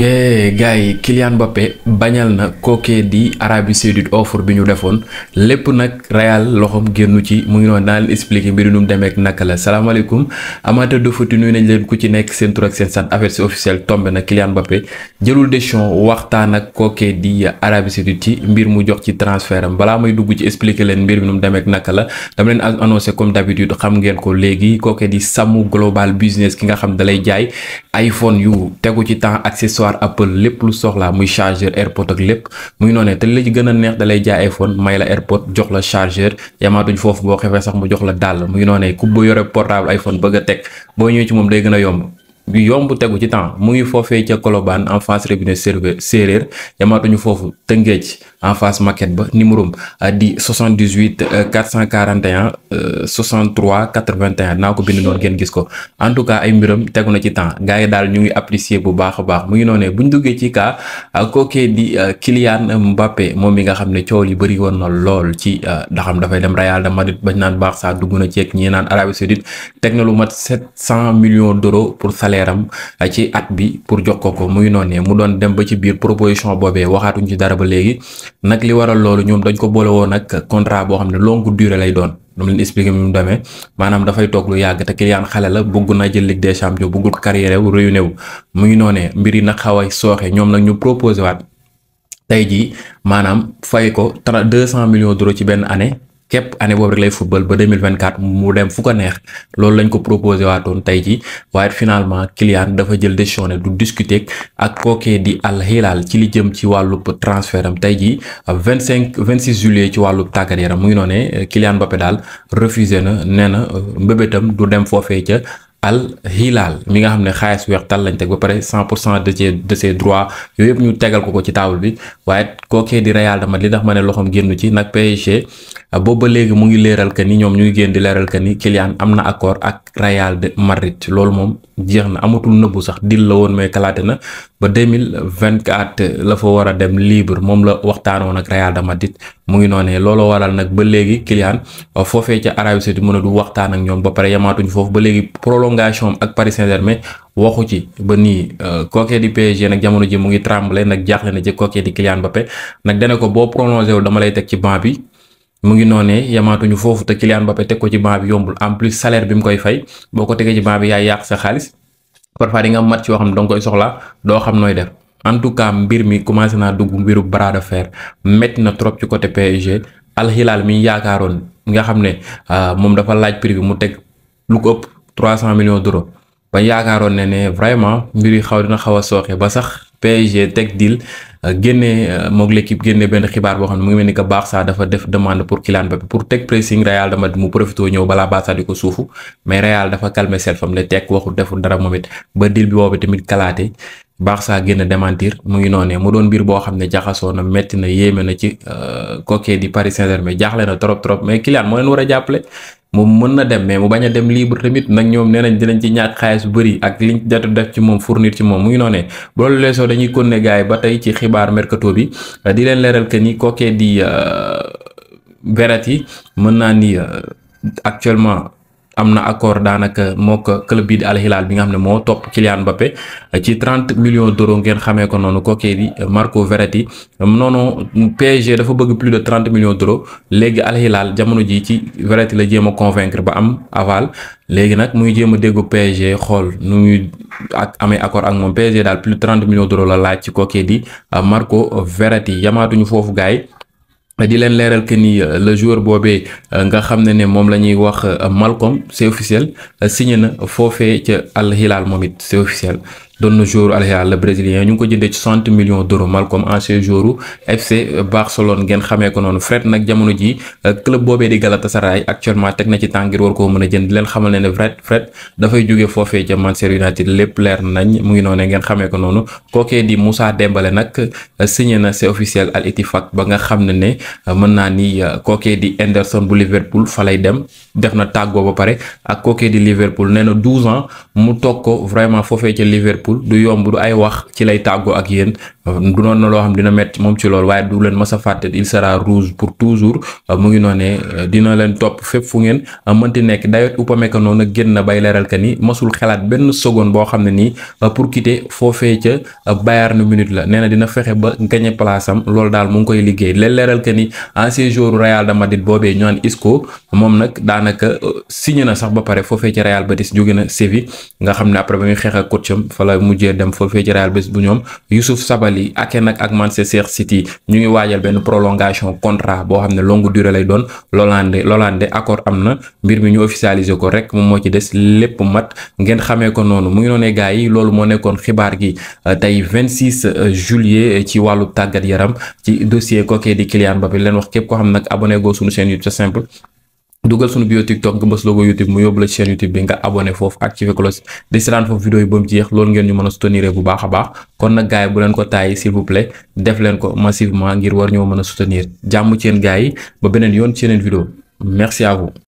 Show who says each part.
Speaker 1: yee eh, gars yi Kylian Mbappé bañal na kookee di Arabie Saoudite offre bi ñu defoon lépp nag Real loxoom génnu ci mu ngi noonu daan leen expliqué mbir num demee ak naka la salaamaaleykum amate de foot nuyu nañ leen ku ci nekk seen tur ak seen sant affaire si officiel tombé na Kylian Mbappé jëlul décision waxtaan ak kookee di Arabie Saoudite ci mbir mu jox ci transfert am balaa may dugg ci expliqué leen mbir mi nu mu demee ak naka la dama leen annoncé comme d'habitude xam ngeen ko léegi kookee di Samu Global Business ki nga xam dalay jaay iPhone yu tegu ci temps accessoire accessoire Apple lépp lu soxlaa muy chargeur AirPod ak lépp muy noonee te li la ci gën a neex dalay jaay iPhone may la AirPod jox la chargeur yamaatuñ foofu boo xefee sax mu jox la dàll muy noonee ku ba yore portable iPhone bëgg a teg boo ñëwee ci moom day gën a yomb bi yomb tegu ci temps mu ngi foofee ca Colobane en face robinet serveur séeréer yamaatuñu foofu Tëngéej en face maquette ba numéro euh, di euh, euh, naa ko bind noonu ngeen gis ko en tout cas ay mbiram tegu na ci temps gars yi daal ñu ngi apprécier bu baax a baax mu ngi noonee bu ñu duggee ci cas kookee di Kylian Mbappé moom mi nga xam ne coow li bari woon na lool ci ndaxam dafay dem Real de Madrid bañ naan baax saa dugg na ci ak ñi naan Arabie Saoudite teg na lu mat 700 millions pour salaire salaire euh, ci at bi pour jox ko ko mu noonu ne mu doon dem ba ci biir proposition boobee waxaatuñ ci dara ba léegi nag li waral loolu ñoom dañ ko boole woon ak contrat boo xam ne longue durée lay doon. nu mu leen expliqué mu demee maanaam dafay toog lu yàgg te client xale la bëgg na jël Ligue des Champions bëggul carrière wu réyu néew mu ngi noonee mbir yi nag xaw a sooxe ñoom nag ñu proposé waat tey ji maanaam fay ko deux cent millions d'euros ci benn année. képp anne boobu rek lay football ba 2024 mu dem fu ko neex loolu lañ ko proposé waatoon tey ji waaye finalement Kylian dafa jël décision ne du discuter ak kookee di àll Hilal ci li jëm ci wàllub transfert am tey ji 25 26 juillet ci wàllu tàggat yaram mu ngi noonee Kylian Mbappé daal refusé na nee na mbébétam du dem foofee ca al hilal mi nga xam ne xaalis weex tal lañ teg ba pare cent pour cent de ses de ses droits yooyu yëpp ñu tegal ko ko ci table bi waaye kookee di Real de Madrid li tax ma ne loxoom génn ci nag PSG boobu ba léegi mu ngi leeral que ni ñoom ñu ngi génn di leeral que ni Kylian am na accord ak Real de Madrid loolu moom jeex na amatul nëbbu sax dil la woon mais kalaate na ba 2024 la fa war a dem libre moom la waxtaanoon ak Real de Madrid mu ngi noonee looloo waral nag ba léegi Kylian euh, foofee ca Arabie Saoudite mën a du waxtaan ak ñoom ba pare yamaatuñ foofu ba léegi prolongation ak Paris Saint-Germain waxu ci ba nii kookee euh, di PSG nag jamono ji mu ngi tremble nag jaaxle na ci kookee di Kylian Mbappé nag dana ko boo prolongé wu dama lay teg ci banc bi mu ngi noonee yamaatuñu foofu te Kylian Mbappé teg ko ci banc bi yombul en plus salaire bi mu koy fay boo ko tegee ci banc bi yaay yàq sa xaalis parfois di nga am match yoo xam ne danga koy soxla doo xam nooy def en tout cas mbir mi commencé naa dugg mbiru bras de métti na trop ci côté PSG Al Hilal mi yaakaaroon nga xam ne ah, moom dafa laaj prix bi mu teg lu ko ëpp 300 millions d'euros ba yaakaaroon ne ne vraiment mbir yi xaw dina xaw a sooxee ba sax PSG teg deal Euh, génnee euh, moog l'équipe génne benn xibaar boo xam ne mu ngi mel ni que Barça dafa def demande pour Kylian Mbappé pour teg pressing Real dama mu profité ñëw balaa Barça di ko suufu mais Real dafa calmer seen fam la teg waxul deful dara moom it ba deal bi boobu tamit kalaate Barça génn démentir mu ngi noonee mu doon mbir boo xam ne jaxasoo na métti na yéeme na ci euh, coquet di Paris Saint-Germain jaaxle na trop trop mais Kylian moo leen war a jàppale. moom mën na dem mais mu bañ a dem libre tamit nag ñoom nee nañ dinañ ci ñaat xaalis bu bëri ak liñ jotu def ci moom fournir ci moom mu ngi noonee bu loolu leesoo dañuy konne gars yi ba tey ci xibaar mercato bi euh, di leen leeral que ni kookee di yi euh, mën naa ni euh, actuellement am na accord daanaka moo ko club bii di Al bi nga xam ne moo topp Kylian Mbappé ci trente millions d'euros ngeen xamee ko noonu kookee di Marco Verratti noonu PSG dafa bëgg plus de trente million d'euros léegi Al jamono ji ci Verratti la jéem a convaincre ba am aval léegi nag muy jéem a déggu PSG xool nu muy ak amee accord ak moom PSG daal plus de trente millions la laaj ci kookee di Marco Verratti yamaatuñu foofu gaay di leen leeral que ni euh, le jour boobee euh, nga xam ne ne moom la ñuy wax euh, malkom c'est officiel signé na foofee ca Al Hilal moom it c'est officiel doon na joueur Al-Hilal la brésilien ñu ngi ko jëndee ci soixante millions d'euros Malcom ancien joueur FC Barcelone ngeen xamee ko noonu Fred nag jamono ji euh, club boobee di Galatasaray actuellement teg na ci temps ngir war koo mën a jënd di leen xamal ne ne Fred Fred dafay jóge foofee ca Manchester United lépp leer nañ mu ngi noonu ngeen xamee ko noonu kookee di Moussa Dembélé nag euh, signé na c'est officiel Al Ittifaq ba nga xam ne ne euh, mën naa ni kookee di Henderson bu Liverpool fa lay dem def na tàggoo ba pare ak kookee di Liverpool nee na douze ans mu toog ko vraiment foofee ca Liverpool simple du yomb du ay wax ci lay tàggoo ak yéen du noonu na loo xam dina metti moom ci loolu waaye du leen mas il sera rouge pour toujours mu ngi noonee dina leen topp fépp fu ngeen mënti nekk dayot Upamecano nag génn na bay leeral ka ni masul xalaat benn seconde boo xam ne nii pour quitter foofee ca Bayern Munich la nee na dina fexe ba gagné place am loolu daal mu ngi koy liggéey leen leeral ka ni ancien joueur Real de Madrid boobee ñu naan Isco moom nag daanaka euh, signé na sax ba pare foofee ca Real Betis jóge na Séville nga xam ne après ba muy xeex ak fa la mujjee dem foofee ca Real Betis bu ñoom Youssouf yi ake nag ak Manchester City ñu ngi waajal benn prolongation contrat boo xam ne longue durée lay doon Lolande Lolande accord am na mbir mi ñu officialiser ko rek moom moo ci des lépp mat ngeen xamee ko noonu mu ngi noonee gars yi loolu moo nekkoon xibaar gi euh, tey 26 euh, juillet euh, ci wàllu tàggat yaram ci dossier kookee di Kylian Mbappé leen wax képp ko xam nag abonné goo suñu chaîne YouTube simple dugal suñu bio TikTok nga bës logo YouTube mu yóbbu la chaîne YouTube bi nga abonné foofu activé cloche di seetaan foofu vidéo yi ba mu jeex loolu ngeen ñu mën a soutenir bu baax a baax kon nag gars bu leen ko taayee s'il vous plaît def leen ko massivement ngir war ñoo mën a soutenir jàmm ci yéen gars yi ba beneen yoon ci yeneen vidéo merci à vous.